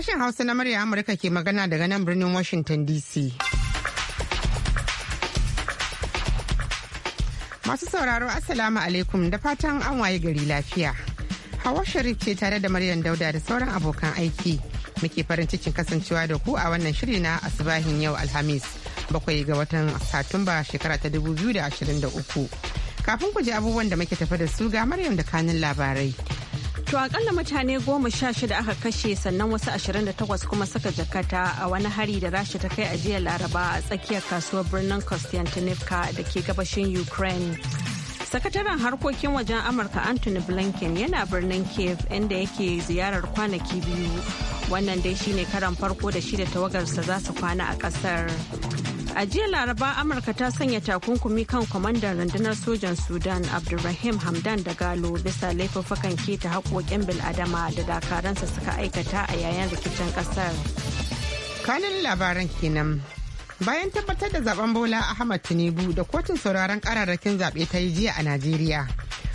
Sashen Hausa na murya Amurka ke magana daga nan birnin Washington DC. Masu sauraro Assalamu alaikum da fatan an waye gari lafiya. Hawa Sharif ce tare da Maryam Dauda da sauran abokan aiki. Muke farin cikin kasancewa da ku a wannan shiri na asibahin yau Alhamis bakwai ga watan Satumba shekara ta 2023. Kafin ku ji abubuwan da muke tafa da su ga Maryam da kanin labarai. To akalla mutane goma sha shida aka kashe sannan wasu ashirin da 28 kuma suka jakata a wani hari da rasha ta kai a jiya laraba a tsakiyar kasuwar birnin Konstantinivka da ke gabashin Ukraine. Sakataren harkokin wajen Amurka Anthony Blinken yana birnin Kiev inda yake ziyarar kwanaki biyu. Wannan dai shine karan farko da shi da tawagarsa za su kwana a ƙasar. A jiya Laraba Amurka ta sanya takunkumi kan kwamandan rundunar sojan Sudan Abdulrahim Hamdan da Galo bisa laifuffukan keta haƙoƙin bil'adama da dakaransa suka aikata a yayin rikicin ƙasar. Kanin labaran kenan. Bayan tabbatar da zaben Bola Ahmad Tinubu da kotun sauraron kararrakin zaɓe ta yi jiya a Najeriya.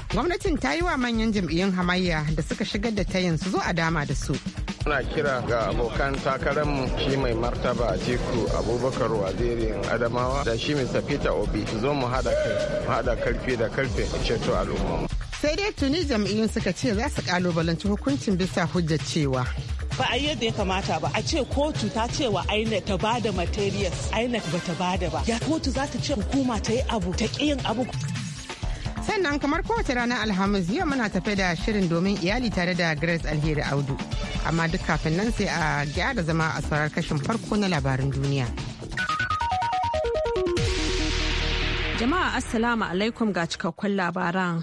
Gwamnatin ta yi wa manyan jam'iyyun hamayya da suka shigar da tayin su zo a dama da su. Muna kira ga abokan takararmu shi mai martaba a Atiku Abubakar Wazirin Adamawa da shi Mr. Peter Obi zo mu hada kai, hada karfi da karfe ceto al'umma. Sai dai tuni jam'iyyun suka ce za su kalubalanci hukuncin bisa hujjar cewa ba a yadda ya kamata ba a ce kotu ta ce wa INEC ta bada materials INEC ba ta ba ba ya kotu za ta ce hukuma ta yi abu ta ƙi yin abu sannan kamar kowace ranar alhamis yau muna tafe da shirin domin iyali tare da grace alheri audu amma duk kafin nan sai a gyara zama a saurar kashin farko na labarin duniya jama'a assalamu alaikum ga cikakkun labaran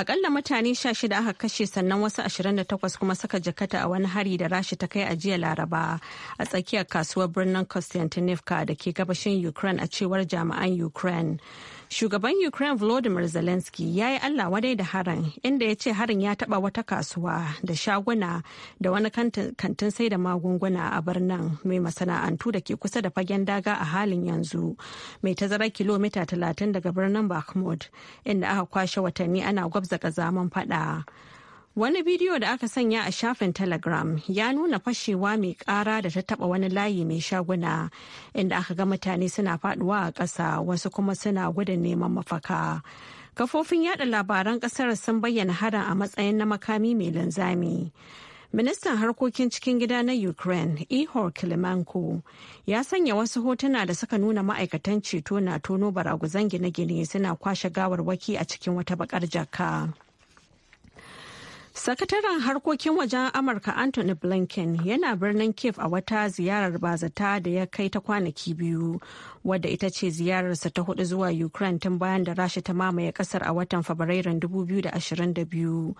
akalla mutane 16 aka kashe sannan wasu 28 kuma suka jakata a wani hari da rashi ta kai a jiya laraba a tsakiyar kasuwar birnin constantinople da ke gabashin ukraine a cewar jami'an ukraine Shugaban Ukraine Volodymyr Zelensky ya yi Allah wadai da harin inda ya ce harin ya taba wata kasuwa da shaguna da wani kantin sai da magunguna a birnin mai masana'antu da ke kusa da fagen daga a halin yanzu mai tazarar kilomita 30 daga birnin Bakhmut inda aka kwashe watanni ana gwabza zaman fada. Wani bidiyo da aka sanya a shafin Telegram ya nuna fashewa mai ƙara da ta taɓa wani layi mai shaguna inda aka ga mutane suna faduwa a ƙasa wasu kuma suna gudun neman mafaka. Kafofin yada labaran ƙasar sun bayyana harin a matsayin na makami mai linzami. Ministan harkokin cikin gida na Ukraine, Ihor Kilimanko, ya sanya wasu hotuna da suka nuna ma'aikatan ceto na tono baraguzan gine-gine suna kwashe gawarwaki a cikin wata bakar jaka. Sakataren harkokin wajen Amurka Anthony Blinken yana birnin Kiev a wata ziyarar bazata da ya kai ta kwanaki biyu, wadda ita ce ziyararsa ta hudu zuwa Ukraine tun bayan da Rasha ta mamaye kasar a watan Fabrairun 2022.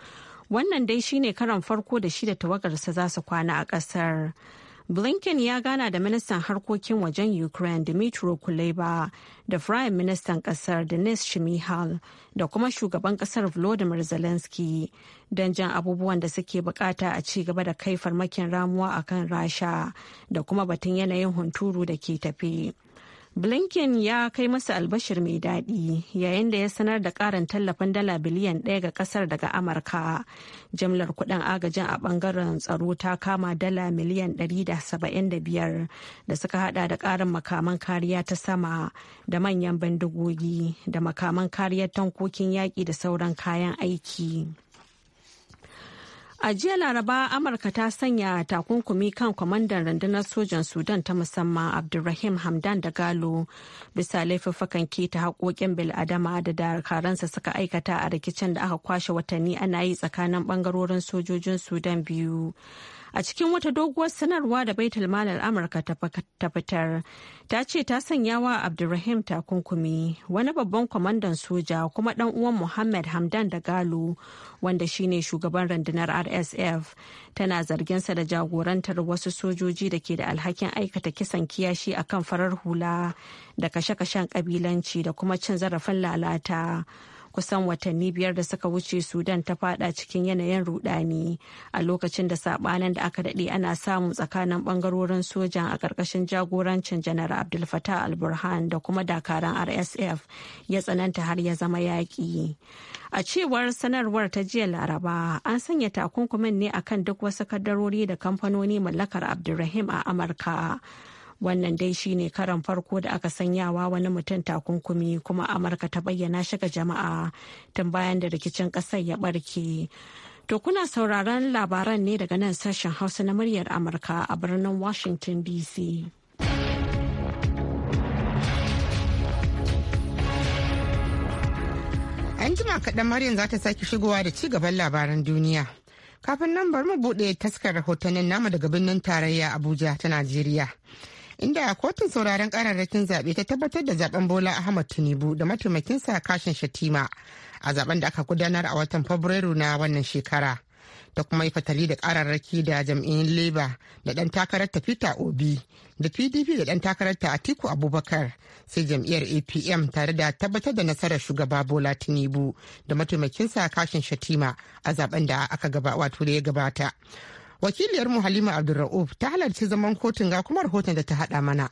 Wannan dai shine karan farko da shi da tawagarsa za su kwana a ƙasar. Blinken ya gana da ministan harkokin wajen Ukraine dmitry Kuleba da Firayim Ministan kasar Denis Shmihal da kuma shugaban kasar Volodymyr Zelensky don jan abubuwan da suke bukata a ci gaba da kai farmakin ramuwa akan Rasha da kuma batun yanayin hunturu da ke tafi. Blinken ya kai masa albashir mai daɗi yayin da ya sanar da ƙarin tallafin dala biliyan ɗaya ga ƙasar daga Amurka. Jimlar kuɗin agajin a ɓangaren tsaro ta kama dala miliyan 175 da suka hada da ƙarin makaman kariya ta sama da manyan bindigogi da makaman kariyar tankokin yaƙi da sauran kayan aiki. A jiya Laraba Amurka ta sanya takunkumi kan kwamandan rundunar sojan Sudan ta musamman Abdulrahim Hamdan da Galo bisa laifuffukan keta haƙoƙin bil'adama da dakaransa suka aikata a rikicin da aka kwashe watanni ana yi tsakanin ɓangarorin sojojin Sudan biyu. a cikin wata doguwar sanarwa da baitul malar amurka ta fitar ta ce ta sanya wa abdulrahim takunkumi wani babban kwamandan soja kuma dan uwan muhammad hamdan da galo wanda shine shugaban rundunar rsf tana zarginsa da jagorantar wasu sojoji da ke da alhakin aikata kisan kiyashi akan farar hula da kashe-kashen kabilanci da kuma cin zarafin lalata kusan watanni biyar da suka wuce sudan ta fada cikin yanayin rudani a lokacin da sabanin da aka dade ana samu tsakanin bangarorin sojan a ƙarƙashin jagorancin janar abdul fatah al-burhan da kuma dakaran rsf ya tsananta har ya zama yaƙi a cewar sanarwar ta jiya laraba an sanya takunkumin ne akan duk wasu kadarori da kamfanoni mallakar abdulrahim a amurka wannan dai shi ne karan farko da aka sanyawa wani mutum takunkumi kuma amurka ta bayyana shi ga jama'a tun bayan da rikicin kasar ya barke to kuna sauraron labaran ne daga nan sashen hausa na muryar amurka a birnin washington dc an jima kaɗan maryam za ta sake shigowa da ci gaban labaran duniya kafin nan bari mu buɗe taskar rahotannin namu daga birnin tarayya abuja ta najeriya inda kotun sauraron kararrakin zaɓe ta tabbatar da zaben bola ahmad tinubu da mataimakinsa kashin shatima a zaben da aka gudanar a watan fabrairu na wannan shekara ta kuma yi fatali da kararraki da jam'iyyun leba da ɗan takarar ta peter obi da pdp da ɗan takarar ta atiku abubakar sai jam'iyyar apm tare da tabbatar da nasarar shugaba bola tinubu da mataimakinsa kashin shatima a zaben da aka gaba wato da ya gabata wakiliyarmu halima abdulra'uf ta halarci zaman kotun ga kuma rahoton da ta haɗa mana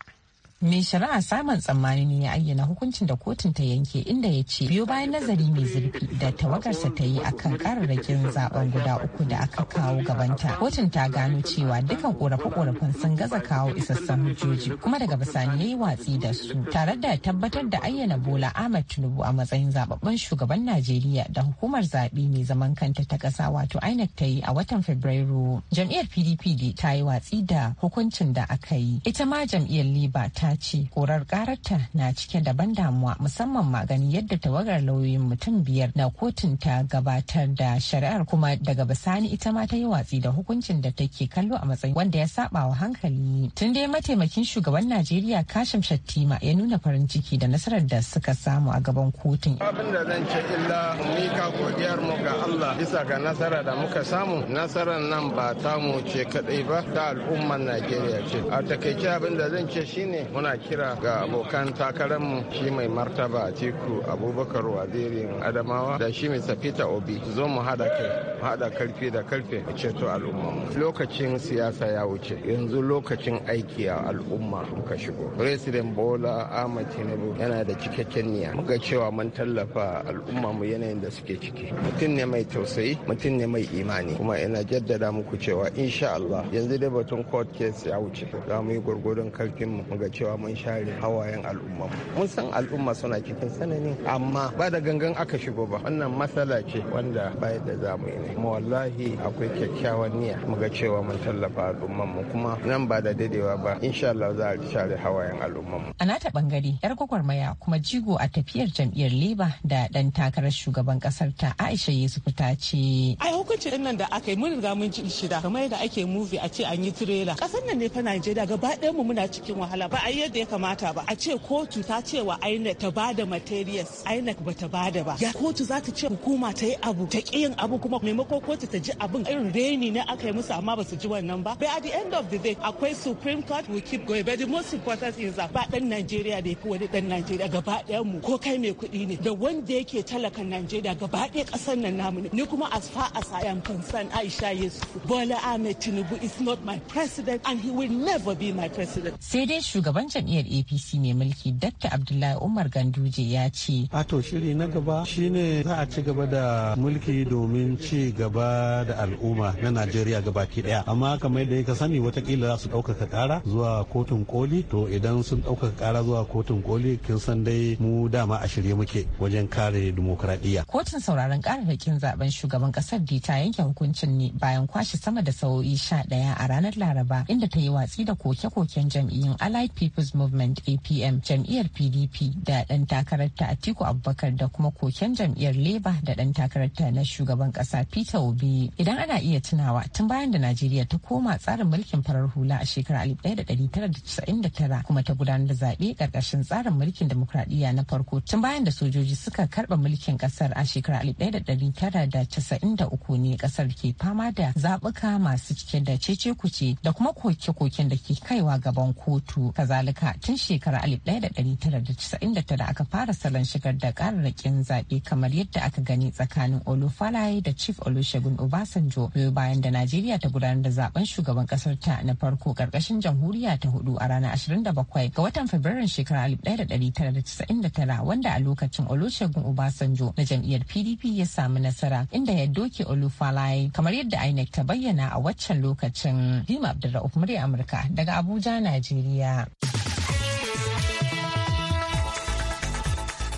Mai shari'a samun tsammani ne ya ayyana hukuncin da kotun ta yanke inda ya ce biyo bayan nazari mai zurfi da tawagarsa ta yi akan kararrakin zaben guda uku da aka kawo gabanta. Kotun ta gano cewa dukkan korafe-korafen sun gaza kawo isassan hujjoji kuma daga bisani ya yi watsi da su tare da tabbatar da ayyana Bola ahmad Tinubu a matsayin zababben shugaban Najeriya da hukumar zaɓe mai zaman kanta ta ƙasa wato INEC ta yi a watan Fabrairu. Jam'iyyar PDP ta yi watsi da hukuncin da aka yi. Ita ma jam'iyyar liba ta ta ce korar kararta na cike da ban damuwa musamman magani yadda tawagar lauyoyin mutum biyar na kotun ta gabatar da shari'ar kuma daga bisani ita ma ta yi watsi da hukuncin da take kallo a matsayin wanda ya saba wa hankali tun dai mataimakin shugaban najeriya kashim shattima ya nuna farin ciki da nasarar da suka samu a gaban kotun abin da zan ce illa mika godiyar mu ga allah bisa ga nasara da muka samu nasarar nan ba tamu ce kadai ba ta al'ummar najeriya ce a takaice abin da zan ce shine muna kira ga abokan takararmu shi mai martaba a Atiku Abubakar Wazirin Adamawa da shi mai Safita Obi zo mu hada kai hada karfi da karfe a ceto al'umma lokacin siyasa ya wuce yanzu lokacin aiki a al'umma muka shigo President Bola ahmad Tinubu yana da cikakken niyya muka cewa mun tallafa al'umma mu yanayin da suke ciki mutum ne mai tausayi mutum ne mai imani kuma ina jaddada muku cewa insha Allah yanzu dai batun court case ya wuce za mu yi gwargwadon karfin mu ga cewa cewa mun share hawayen al'umma mun san al'umma suna cikin sanani amma ba da gangan aka shigo ba wannan matsala ce wanda ba da mu yi kuma wallahi akwai kyakkyawan niyya mu ga cewa mun tallafa al'umman mu kuma nan ba da dadewa ba insha Allah za a share hawayen al'umman mu a nata bangare yar gwagwarmaya kuma jigo a tafiyar jam'iyyar leba da dan takarar shugaban kasar ta Aisha yesu ta ce ai hukuncin nan da aka yi mun riga mun ji shida kamar yadda ake movie a ce an yi trailer kasar nan ne fa Najeriya gaba ɗayan mu muna cikin wahala ba a yi yadda ya kamata ba a ce kotu ta cewa INEC ta ba da materials INEC ba ta ba da ba ya kotu za ta ce hukuma ta yi abu ta ki yin abu kuma maimako kotu ta ji abin irin reni ne aka yi musu amma ba su ji wannan ba but at the end of the day akwai supreme court will keep going but the most important is that ba dan Najeriya da yafi wani dan Najeriya gaba ɗayan mu ko kai mai kuɗi ne da wanda yake talakan Najeriya gaba ɗaya ƙasar nan namu ne ni kuma as far as I am concerned Aisha Yesu Bola Ahmed Tinubu is not my president and he will never be my president sai dai shugaban jam'iyyar apc mai mulki dr abdullahi umar ganduje ya ce a to shiri na gaba shine za a ci gaba da mulki domin ci gaba da al'umma na najeriya ki daya amma kamar yadda ka sani watakila za su ɗaukaka kara zuwa kotun koli to idan sun ɗaukaka kara zuwa kotun koli kin san dai mu dama a shirye muke wajen kare dimokuraɗiyya kotun sauraron kararrakin zaben shugaban kasar ta yanke hukuncin ne bayan kwashe sama da sa'o'i sha daya a ranar laraba inda ta yi watsi da koke-koken jam'iyyun allied people People's Movement APM jam'iyyar PDP da ɗan takararta Atiku Abubakar da kuma koken jam'iyyar Labour da ɗan takararta na shugaban ƙasa Peter Obi. Idan ana iya tunawa tun bayan da Najeriya ta koma tsarin mulkin farar hula a shekarar 1999 kuma ta gudanar da zaɓe ƙarƙashin tsarin mulkin demokradiyya na farko tun bayan da sojoji suka karɓa mulkin ƙasar a shekarar 1993 ne ƙasar ke fama da zaɓuka masu cike da cece kuce da kuma koke-koken da ke kaiwa gaban kotu. kazali. kazalika tun shekarar 1999 aka fara salon shigar da kararrakin zaɓe kamar yadda aka gani tsakanin olufalaye da chief olusegun obasanjo biyu bayan da najeriya ta gudanar da zaben shugaban kasar ta na farko karkashin jamhuriya ta hudu a ranar 27 ga watan fabrairun shekarar 1999 wanda a lokacin olusegun obasanjo na jam'iyyar pdp ya samu nasara inda ya doke olufalaye kamar yadda inec ta bayyana a waccan lokacin Dima Abdulrahman murya Amurka daga Abuja, Najeriya.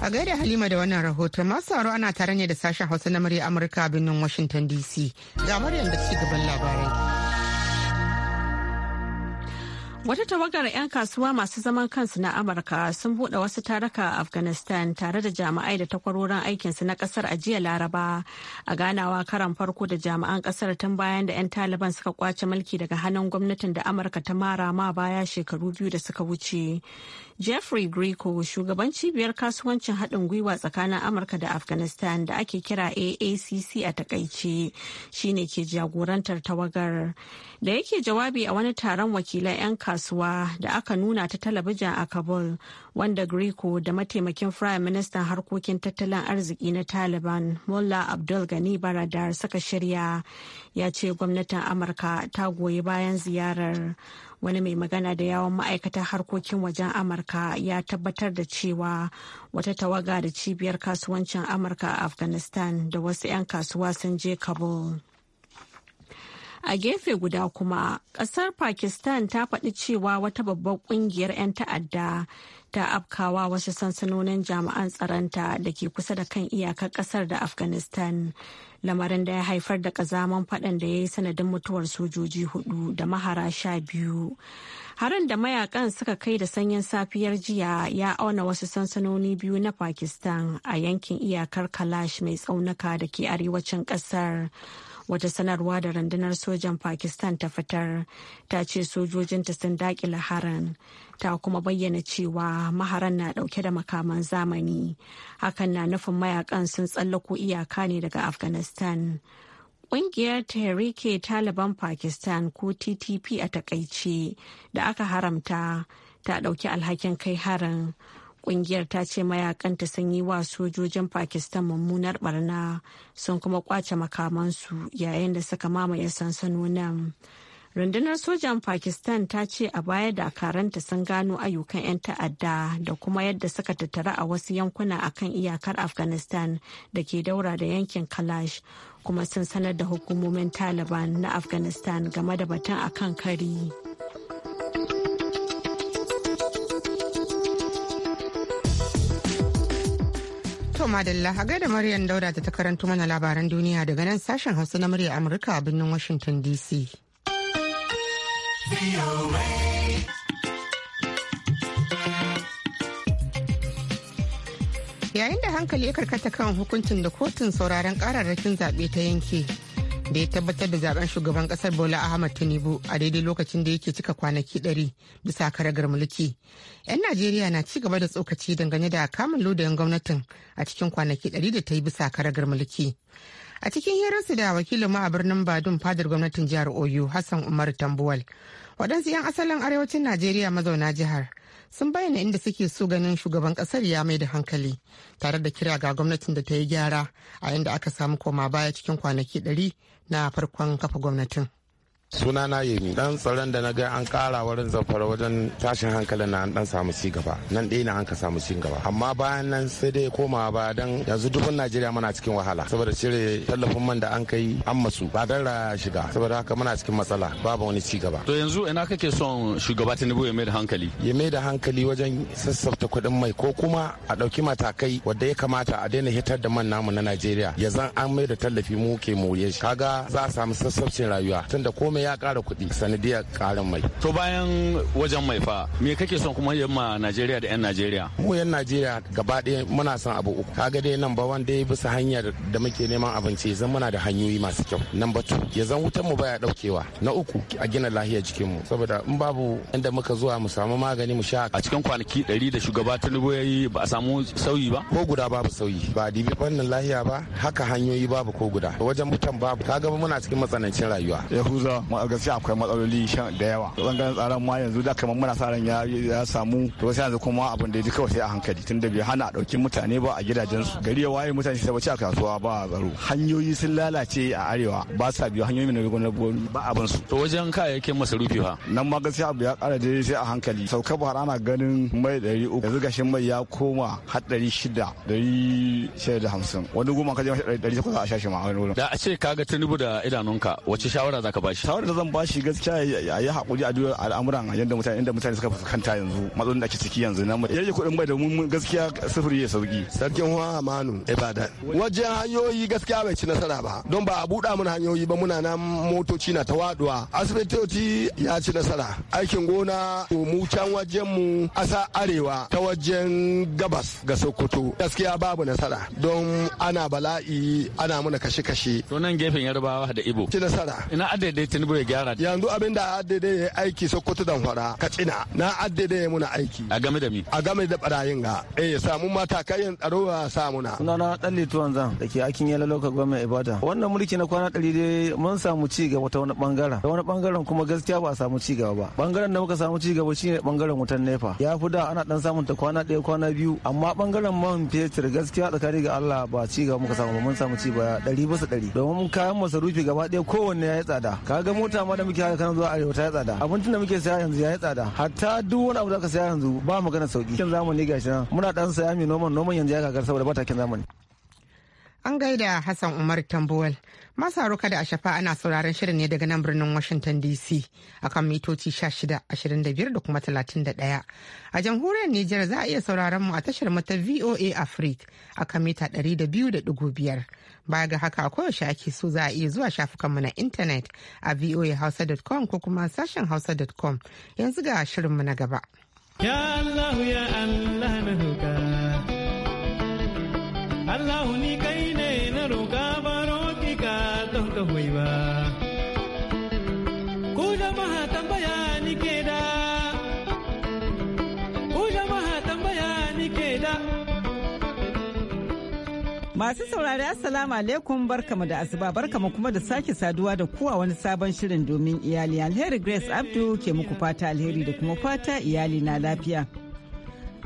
A gaida Halima da wannan rahoton masu sauraro ana tare ne da sashen Hausa na murya Amurka a birnin Washington DC. Ga muryar da ci gaban labarai. Wata tawagar 'yan kasuwa masu zaman kansu na Amurka sun buɗe wasu taraka a Afghanistan tare da jami'ai da takwarorin aikinsu na ƙasar a jiya Laraba a ganawa karan farko da jami'an ƙasar tun bayan da 'yan Taliban suka kwace mulki daga hannun gwamnatin da Amurka ta mara ma baya shekaru biyu da suka wuce. Jeffrey Greco shugaban cibiyar kasuwancin haɗin gwiwa tsakanin Amurka da Afghanistan da ake kira AACC a takaice shine ke jagorantar tawagar da yake jawabi a wani taron wakilan 'yan kasuwa da aka nuna ta talabijin a Kabul wanda Greco da mataimakin Prime Ministan harkokin tattalin arziki na Taliban Mullah Abdul Gani Baradar suka shirya ya ce gwamnatin Amurka ta goyi bayan ziyarar wani mai magana da yawon ma'aikatan harkokin wajen amurka ya tabbatar da cewa wata tawaga da cibiyar kasuwancin amurka a afghanistan da wasu 'yan kasuwa sun je kabul a gefe guda kuma kasar pakistan ta faɗi cewa wata babbar ƙungiyar 'yan ta'adda ta afkawa wasu sansanonin jami'an tsaronta da ke kusa da kan iyakar kasar da afghanistan lamarin da ya haifar da kazaman faɗan da ya yi sanadin mutuwar sojoji hudu da mahara sha biyu harin da mayakan suka kai da sanyin safiyar jiya ya auna wasu sansanoni biyu na pakistan a yankin iyakar kalash mai tsaunuka da ke arewacin kasar wata sanarwa da rundunar sojan pakistan ta fitar ta ce sojojinta sun dakile harin ta kuma bayyana cewa maharan na dauke da makaman zamani hakan na nufin mayakan sun tsallako iyaka ne daga afghanistan Ƙungiyar Tehrike Taliban Pakistan ko TTP a takaice da aka haramta ta ɗauki alhakin kai harin Kungiyar ta ce mayakanta sun yi wa sojojin Pakistan mummunar barna sun kuma kwace makamansu yayin da suka mamaye sansanonin. rundunar sojan pakistan ta ce a baya dakaranta sun gano ayyukan 'yan ta'adda da kuma yadda suka tattara a wasu yankuna akan iyakar afghanistan da ke daura da yankin kalash kuma sun sanar da hukumomin taliban na afghanistan game da batun akan kari. madalla a gaida Maryam Dauda da ta karanto mana labaran duniya daga nan sashen Hausa na murya Amurka a birnin Washington DC. Yayin da hankali ya karkata kan hukuncin da kotun sauraron kararrakin zaɓe ta yanke da ya tabbatar da zaben shugaban kasar bola ahmad tinubu a daidai lokacin da yake cika kwanaki 100 bisa karagar mulki yan najeriya na ci gaba da tsokaci dangane da kamun lodayen gwamnatin a cikin kwanaki 100 da ta yi bisa karagar mulki a cikin hirarsu da wakilin a birnin badun fadar gwamnatin jihar oyo hassan umar tambuwal waɗansu 'yan asalin arewacin najeriya mazauna jihar sun bayyana inda suke so ganin shugaban kasar ya mai da hankali tare da kira ga gwamnatin da ta yi gyara a inda aka samu koma baya cikin kwanaki ɗari na farkon kafa gwamnatin suna na yemi dan tsaron da na ga an kara wurin zafara wajen tashin hankalin na an dan samu ci gaba nan dai na an ka samu ci gaba amma bayan nan sai dai koma ba dan yanzu dukkan najeriya muna cikin wahala saboda cire tallafin man da an kai an masu ba dan ra shiga saboda haka muna cikin matsala babu wani ci gaba to yanzu ina kake son shugaba tinubu ya mai da hankali ya mai da hankali wajen sassafta kuɗin mai ko kuma a ɗauki matakai wadda ya kamata a daina hitar da man namu na najeriya ya zan an mai da tallafi mu ke moye shi kaga za a samu sassafcin rayuwa tunda komai mai ya kara kuɗi sanadiyar karin mai. To bayan wajen mai fa me kake son kuma yin ma Najeriya da 'yan Najeriya? Mu 'yan Najeriya gaba ɗaya muna son abu uku. Kaga dai nan ba wanda ya bisa hanyar da muke neman abinci zan muna da hanyoyi masu kyau. Nan ba ya zan wutan mu baya daukewa Na uku a gina lahiyar mu. saboda in babu inda muka zuwa mu samu magani mu sha. A cikin kwanaki ɗari da shugaba Tinubu ya yi ba a samu sauyi ba? Ko guda babu sauyi ba dibi fannin lahiya ba haka hanyoyi babu ko guda wajen mutan babu kaga muna cikin matsanancin rayuwa. Yahuza gaskiya akwai matsaloli da yawa bangaren tsaron ma yanzu da kamar muna sa ran ya samu to sai yanzu kuma abin da ya ji kawai sai a hankali tunda bai hana a ɗauki mutane ba a gidajensu gari ya waye mutane sai bace a kasuwa ba a tsaro hanyoyi sun lalace a arewa ba sa biyo hanyoyi na gwamnati ba abin su to wajen kayayyakin masarufi fa nan ma gaskiya abu ya ƙara da sai a hankali sauka buhar ana ganin mai ɗari uku yanzu gashin mai ya koma har ɗari shida ɗari shida da hamsin wani goma kaje ɗari takwas a shashi ma a wani wurin da a ce kaga tunubu da idanunka wace shawara za ka shi shawarar da zan ba shi gaskiya ya yi hakuri a duniya al'amuran yadda mutane inda mutane suka fuskanta yanzu matsalolin da ake ciki yanzu na mutane yaje kuɗin bai da mun gaskiya sufuri ya sauki sarkin huwa amanu ibadan wajen hanyoyi gaskiya bai ci nasara ba don ba a buɗa mana hanyoyi ba muna nan motoci na ta waduwa asibitoci ya ci nasara aikin gona mu can wajen mu asa arewa ta wajen gabas ga sokoto gaskiya babu nasara don ana bala'i ana muna kashe-kashe sunan gefen yarbawa da ibo ci nasara ina adadai Tinubu ya gyara. Yanzu abin da addade ya aiki Sokoto dan fara Katsina na addade ya muna aiki. A game da mi? A game da barayin ga. Eh samu matakayin tsaro a samu na. Sunana dan tuwan zan da ke akin yalla local government ibada Wannan mulki na kwana ɗari dai mun samu ci gaba ta wani bangaren. da wani bangaren kuma gaskiya ba a samu ci gaba ba. Bangaren da muka samu ci gaba shine bangaren wutan nefa. Ya fi da ana dan samun ta kwana ɗaya kwana biyu amma bangaren man fetur gaskiya tsakani ga Allah ba ci gaba muka samu ba mun samu ci ba ɗari bisa ɗari. Domin kayan masarufi gaba ɗaya kowanne ya yi tsada. Kaga ga mota ma da muke haka kana zuwa arewa ta tsada abincin da muke saya yanzu ya yi tsada hatta duk wani abu da aka saya yanzu ba magana sauki kin zamani gashi nan muna dan saya mai noman noman yanzu ya kakar saboda ba takin zamani an gaida hassan umar tambuwal Masu haruka da ashafa ana sauraron shirin ne daga nan birnin Washington DC akan mitoci 1625 da kuma 31. A jamhuriyar Nijar za a iya sauraron mu a tashar mata VOA Africa akan mita 200.5. Baya ga haka a koyaushe ake so za a iya zuwa shafukanmu na intanet a voahausa.com ko kuma sashen hausa.com yanzu ga shirinmu na gaba. Allah ya Allah na Allah ni ka Masu saurari Assalamu alaikum barkamu da asuba barkamu kuma da sake saduwa da kuwa wani sabon shirin domin iyali alheri Grace Abdu ke muku fata alheri da kuma fata iyali na lafiya.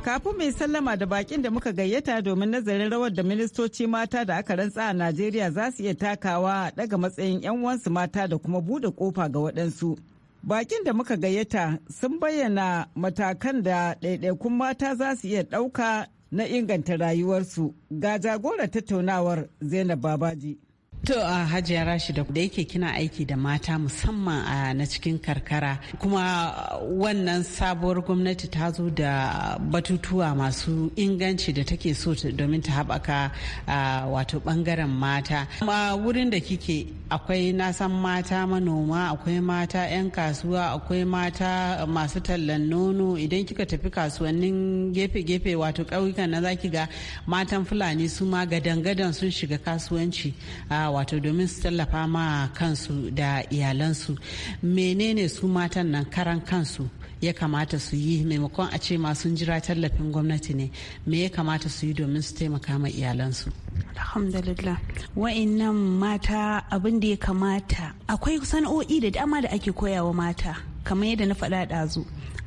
Kafin mai sallama da bakin da muka gayyata domin nazarin rawar da ministoci mata da aka rantsa a Najeriya za su iya takawa daga matsayin 'yan wansu mata da kuma bude kofa ga waɗansu. Bakin da muka gayyata sun bayyana matakan da ɗaiɗaikun mata za su iya ɗauka na inganta rayuwarsu ga jagora tattaunawar Zainab Babaji. To a Hajiya Rashida da yake kina aiki da mata musamman a na cikin karkara kuma wannan sabuwar gwamnati ta zo da batutuwa masu inganci da take so domin ta haɓaka wato bangaren mata. Amma wurin da kike akwai nasan mata manoma akwai mata 'yan kasuwa akwai mata masu tallan nono idan kika tafi kasuwannin gefe-gefe wato ƙauyukan na zaki ga matan fulani su ma gadan-gadan sun shiga kasuwanci wato domin su tallafa ma kansu da iyalansu menene su matan nan karan kansu ya kamata su yi maimakon a ce masu jira tallafin gwamnati ne me ya kamata su yi domin su taimaka ma iyalansu alhamdulillah wa'annan mata abin da ya kamata akwai sana'o'i da dama da ake koyawa mata kamar yadda na faɗa ɗazu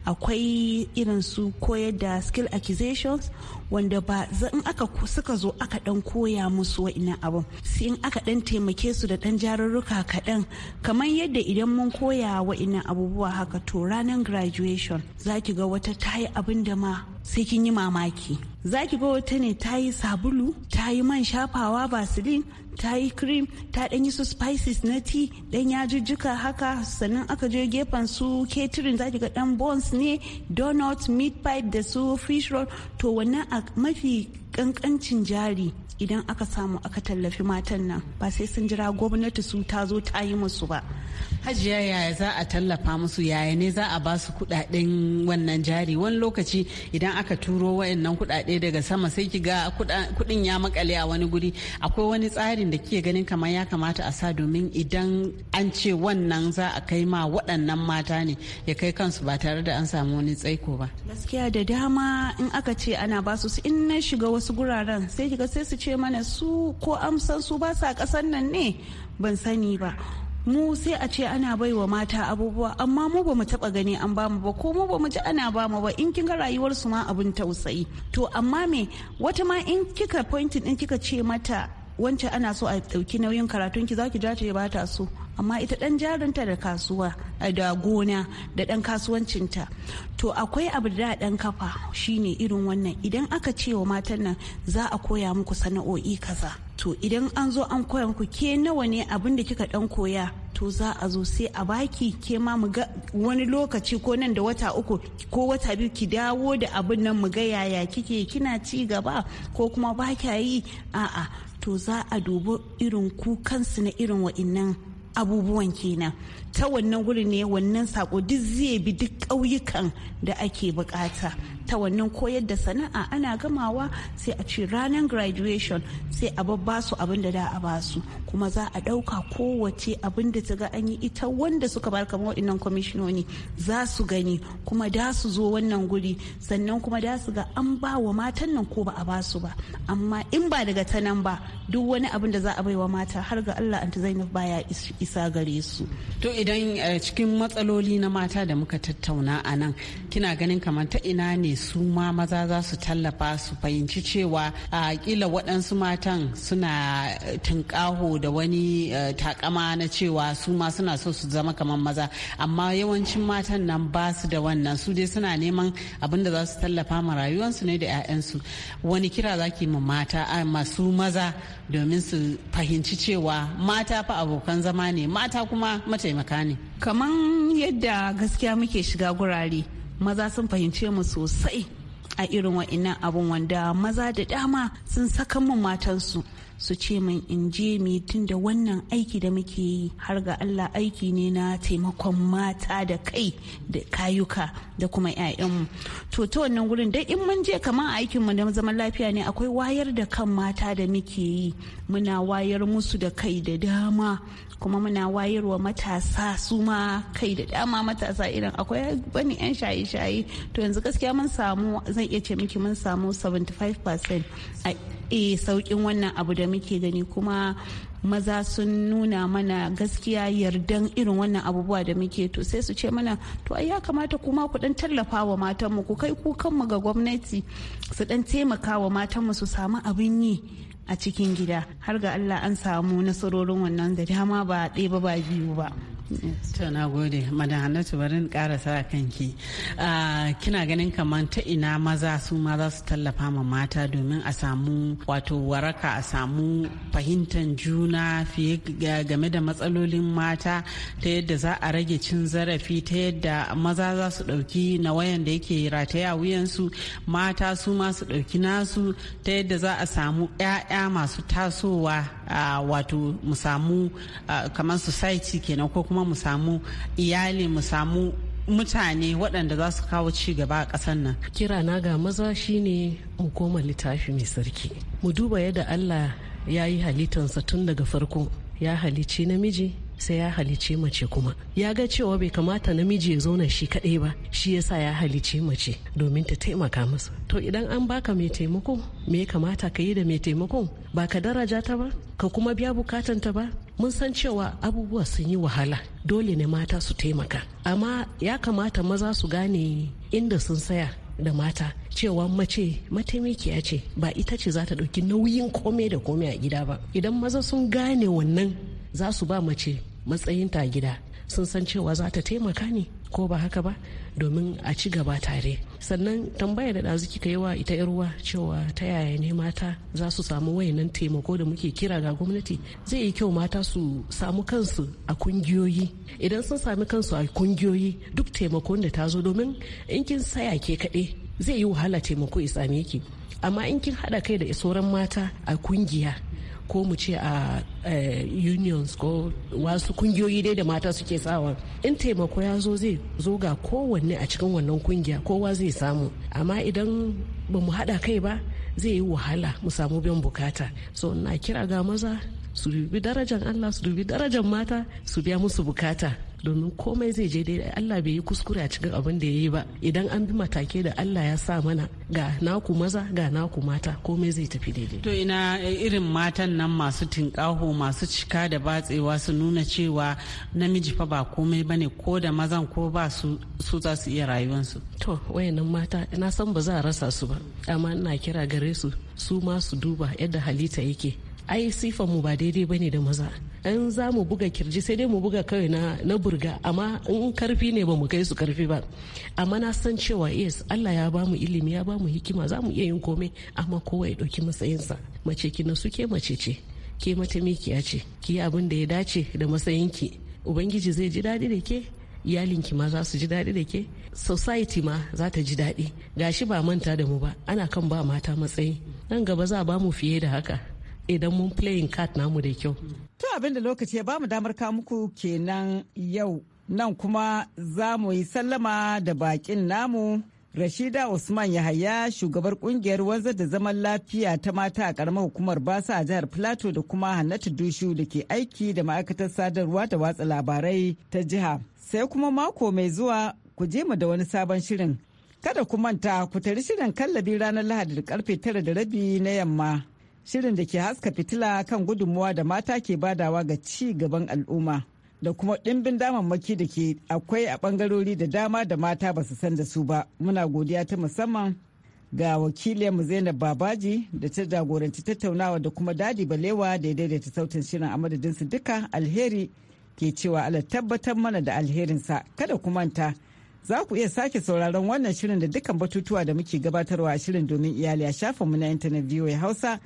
akwai irin su koyar da skill accusations wanda ba in aka suka zo aka dan koya musu wa'inan abu sai in aka dan taimake su da dan jarurruka kaɗan kamar yadda idan mun koya wa'inan abubuwa haka to ranar graduation za ki ga wata ta yi abin da ma sai kin yi mamaki za ki ga wata ne ta yi sabulu ta yi man shafawa basilin ta yi cream ta dan yi su spices na tea dan yajujjuka haka sannan aka je gefen su catering za ki ga dan bones ne donut meat pie da su fish roll to wannan a mafi kankancin jari idan aka samu aka tallafi matan nan ba sai sun jira gwamnati su ta zo ta yi musu ba hajiya yaya za a tallafa musu yaya ne za a ba su kudaden wannan jari wani lokaci idan aka turo wayannan kudade daga sama sai ki ga kudin ya makale a wani guri akwai wani tsarin da kike ganin kamar ya kamata a sa domin idan an ce wannan za a kai ma waɗannan mata ne ya kai kansu ba tare da an samu wani tsaiko ba gaskiya da dama in aka ce ana ba su in na shiga wasu wasu guraren sai kiga sai su ce mana su ko amsan su ba sa kasan nan ne ban sani ba mu sai a ce ana baiwa mata abubuwa amma mu ba mu taba gani an ba mu ba ko mu ba mu ji ana ba mu ba in kin ga rayuwar su ma abin tausayi to amma me wata ma in kika pointin in kika ce mata wancan ana so a ɗauki nauyin karatun ki zaki ja ce ba ta so amma ita ɗan jarinta da kasuwa eh, da gona da ɗan kasuwancinta to akwai abu da ɗan kafa shine irin wannan idan aka ce wa matan nan za a koya muku sana'o'i kaza to idan an zo an koya muku ke nawa ne abin da kika ɗan koya to za a zo sai a baki ke ma mu ga wani lokaci ko nan da wata uku ko wata biyu ki dawo da abin nan mu ga yaya kike kina ci gaba ko kuma ba kya yi a'a to za a dubi irin kukansu na irin wa'innan abubuwan kenan ta wannan wuri ne wannan sako duk zai bi duk ƙauyukan da ake bukata ta wannan koyar da sana'a ana gamawa sai a ci ranar graduation sai a babba su abin da da a ba su kuma za a ɗauka kowace abin da ta ga an yi ita wanda suka bar kamar waɗannan kwamishinoni za su gani kuma da su zo wannan guri sannan kuma da su ga an ba wa matan nan ko ba a ba su ba amma in ba daga ta nan ba duk wani abin da za a baiwa mata har ga Allah anta Zainab baya isa gare su to idan eh, cikin matsaloli na mata da muka tattauna a nan kina ganin kamar ta ina ne su ma maza za su tallafa su fahimci cewa a kila waɗansu matan suna eh, tunƙaho da wani eh, takama na cewa su ma suna so su zama kamar maza amma yawancin matan nan ba su da wannan su dai suna neman abin da za su tallafa ma rayuwarsu ne da 'ya'yansu wani kira za ki ma mata masu maza domin su fahimci cewa mata fa abokan zama ne mata kuma mataimaka ne kaman yadda gaskiya muke shiga gurare maza sun fahimce mu sosai a irin wa'innan abun wanda maza da dama sun saka mun matansu su ce min in je mitin da wannan aiki da muke yi har ga Allah aiki ne na taimakon mata da kai da kayuka da kuma 'ya'yanmu to ta wannan gurin dai in mun je kamar aikin mu da zaman lafiya ne akwai wayar da kan mata da muke yi muna wayar musu da kai da dama kuma muna wayarwa matasa su ma kai da dama matasa idan akwai bani yan shaye-shaye to yanzu gaskiya mun samu zan iya ce miki mun samu 75% e eh, saukin wannan abu da muke gani kuma maza sun nuna mana gaskiya yardan irin wannan abubuwa da muke to sai su ce mana to ai ya kamata kuma ku dan tallafa wa matanmu ku kai kukanmu ga gwamnati su dan taimaka wa matanmu su samu abin yi a cikin gida har ga Allah an samu nasarorin wannan da dama ba ɗaya ba biyu ba. Tana na gode madan hannatu barin karasa a kanki ah, kina ganin kamar ta ina maza su ma za su tallafa ma mata domin a samu wato waraka a samu fahimtar juna fiye game da matsalolin mata ta yadda za a rage cin zarafi ta yadda maza za su ɗauki na wayan da yake rataya wuyansu mata su ma su dauki nasu ta yadda za a samu 'ya'ya masu tasowa wato mu samu kamar society kenan ko kuma mu samu iyali mu samu mutane waɗanda za su kawo ci gaba a ƙasar nan. Kira na ga maza shine mu koma littafi mai sarki. Mu duba yadda Allah ya yi halittansa tun daga farko. Ya halicci namiji, sai ya halice mace kuma ya ga cewa bai kamata namiji ya zauna shi kaɗai ba shi yasa ya halice mace domin ta taimaka masa to idan an baka mai taimako me ya kamata ka yi da mai taimakon ba ka daraja ta ba ka kuma biya bukatan ta ba mun san cewa abubuwa sun yi wahala dole ne mata su taimaka amma ya kamata maza su gane inda sun saya da mata cewa mace mataimakiya ce ba ita ce za ta ɗauki nauyin kome da kome a gida ba idan maza sun gane wannan za su ba mace matsayinta a gida sun san cewa za ta taimaka ne ko ba haka ba domin a ci gaba tare sannan tambaya da ɗazu kika yi wa ita yarwa cewa ta yaya ne mata za su samu wayannan taimako da muke kira ga gwamnati zai yi kyau mata su samu kansu a kungiyoyi idan sun sami kansu a kungiyoyi duk taimakon da ta zo domin in kin saya ke kaɗe zai yi wahala taimako ya same ki amma in kin haɗa kai da sauran mata a kungiya ko mu ce a eh, unions ko wasu kungiyoyi dai da mata suke sawa in taimako ya zo zai zo ga kowanne a cikin wannan kungiya kowa zai samu amma idan ba mu haɗa kai ba zai yi wahala mu samu biyan bukata so na kira ga maza su dubi darajan allah su dubi darajan mata su biya musu bukata domin komai zai je daidai Allah bai yi kuskure a cikin abin da ya yi ba idan an bi matakai da Allah ya sa mana ga naku maza ga naku mata komai zai tafi daidai to ina eh, irin matan nan masu tinkaho masu cika da batsewa su nuna cewa namiji fa ba komai bane ko da mazan ko ba su su za su iya rayuwansu to wayannan mata na san ba za a rasa su ba amma ina kira gare su su ma su duba yadda halitta yake ai sifan mu ba daidai ba bane da maza an za mu buga kirji sai dai mu buga kawai na, burga amma in karfi ne ba mu kai su karfi ba amma na san cewa yes Allah ya ba mu ilimi ya ba mu hikima za mu iya yin komai amma kowa ya ɗauki matsayinsa mace ki na suke mace ce ke mata mikiya ce ki yi abin da ya dace da matsayinki ubangiji zai ji daɗi da ke iyalinki ma za su ji daɗi da ke society ma za ta ji daɗi gashi ba manta da mu ba ana kan ba mata matsayi nan gaba za ba mu fiye da haka idan mun playing card namu da kyau. To abinda lokaci ya bamu damar ka muku kenan yau nan kuma za mu yi sallama da bakin namu Rashida Usman Yahaya shugabar kungiyar wanzar da zaman lafiya ta mata a karamar hukumar Basa a jihar Plateau da kuma Hannatu Dushu da ke aiki da ma'aikatar sadarwa da watsa labarai ta jiha. Sai kuma mako mai zuwa ku je mu da wani sabon shirin. Kada ku manta ku tari shirin kallabi ranar Lahadi da karfe tara da rabi na yamma. shirin da ke haska fitila kan gudunmuwa da mata ke badawa ga ci gaban al'umma da kuma ɗimbin damammaki da ke akwai a ɓangarori da dama da mata ba su san da su ba muna godiya ta musamman ga wakiliyarmu zainab babaji da ta jagoranci tattaunawa da kuma dadi balewa da ya daidaita sautin shirin a su duka alheri ke cewa ala tabbatar mana da alherinsa kada ku manta za ku iya sake sauraron wannan shirin da dukkan batutuwa da muke gabatarwa a shirin domin iyali a shafinmu na intanet voa hausa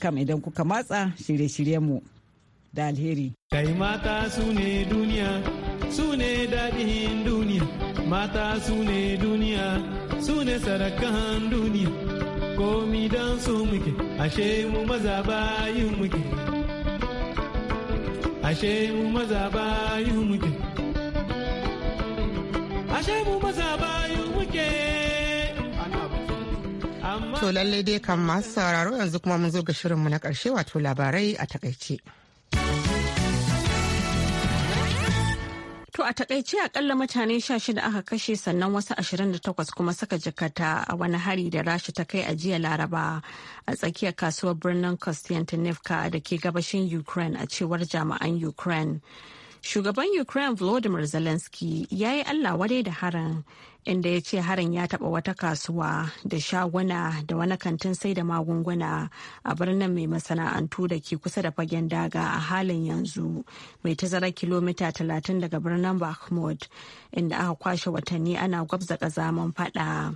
com idan kuka matsa shirye-shiryenmu da alheri. Kai mata su ne duniya, su ne daɗin duniya, mata su ne duniya, su ne sarakan duniya, komi don su muke, ashe mu maza bayin muke. Ashe mu maza bayin muke. Ashe mu maza bayin muke. To lallai dai kan masu sauraro yanzu kuma mun zo ga shirinmu na ƙarshe wato labarai a takaice. To a takaice akalla mutane 16 aka kashe sannan wasu 28 kuma suka jikata a wani hari da rashi ta kai a jiya laraba a tsakiyar kasuwar birnin Kostiantinivka da ke gabashin Ukraine a cewar jami'an Ukraine. Shugaban Ukraine Volodymyr Zelensky ya yi Allah wadai da harin inda ya ce harin ya taba wata kasuwa da shaguna da wani kantin sai da magunguna a birnin mai masana'antu da ke kusa da fagen daga a halin yanzu mai tazara kilomita 30 daga birnin bakhmut inda aka kwashe watanni ana gwabza ƙazaman fada.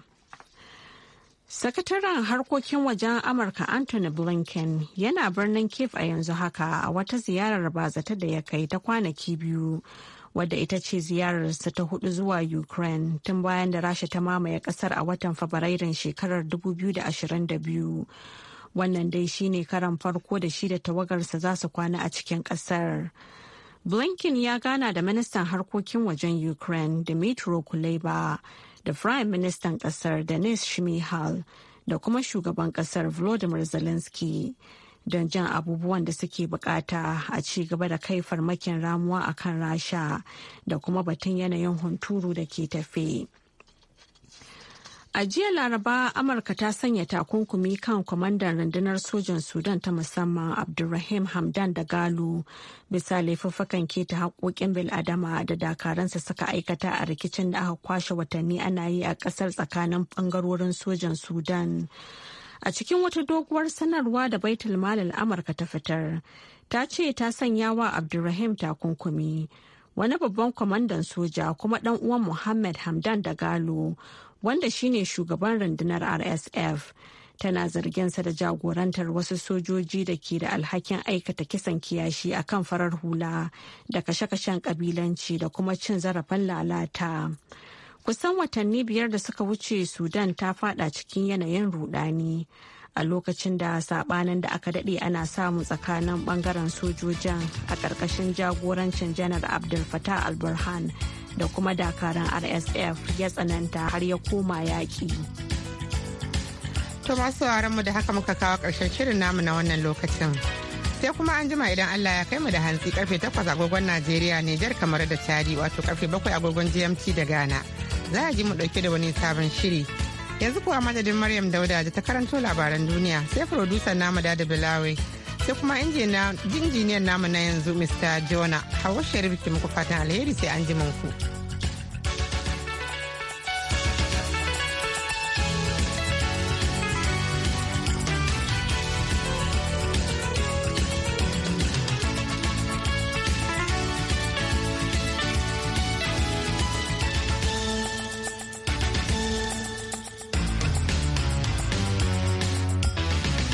Sakataren harkokin wajen Amurka Anthony Blinken yana birnin cape a yanzu haka a wata ziyarar bazata da ya kai ta kwanaki biyu wadda ita ce ziyararsa ta hudu zuwa Ukraine tun bayan da Rasha ta mamaye kasar a watan Fabrairun shekarar 2022. Wannan dai shine karan farko da shi da tawagarsa za su kwana a cikin kasar. Blinken ya gana da ministan harkokin wajen Ukraine Dmytro Kuleba da Prime Ministan kasar Denis Shmihal da kuma shugaban kasar Volodymyr Zelensky. don jan abubuwan da suke bukata a ci gaba da kai farmakin ramuwa a kan rasha da kuma batun yanayin hunturu da ke tafe. A jiya Laraba, Amurka ta sanya takunkumi kan kwamandan rundunar sojan Sudan ta musamman Abdulrahim Hamdan da Galu bisa laifuffukan keta haƙoƙin bil'adama da dakaransa suka aikata a rikicin da aka kwashe watanni ana yi a ƙasar tsakanin ɓangarorin sojan Sudan. a cikin wata doguwar sanarwa da baitul malal amurka ta fitar ta ce ta sanya wa abdulrahim takunkumi wani babban kwamandan soja kuma dan uwan muhammad hamdan da galo wanda shine shugaban rundunar rsf tana zarginsa da jagorantar wasu sojoji da ke da alhakin aikata kisan kiyashi a kan farar hula da kashe-kashen kabilanci da kuma cin zarafin lalata. kusan watanni biyar da suka wuce sudan ta fada cikin yanayin rudani a lokacin da sabanin da aka dade ana samu tsakanin bangaren sojojin a ƙarƙashin jagorancin janar abdul fatah al-burhan da kuma dakaran rsf ya tsananta har ya koma yaƙi to masu mu da haka muka kawo ƙarshen shirin namu na wannan lokacin sai kuma an jima idan Allah ya kai mu da hantsi karfe 8 agogon Najeriya ne kamar da tari wato karfe 7 agogon GMT da Ghana za a ji mu ɗauke da wani sabon shiri. Yanzu kuwa madadin Maryam Dauda da ta karanto labaran duniya sai furodusan namu da Bilawe sai kuma injiniyan namu na yanzu Mr. Jona Hawa Sharif ki muku fatan alheri sai an ji ku.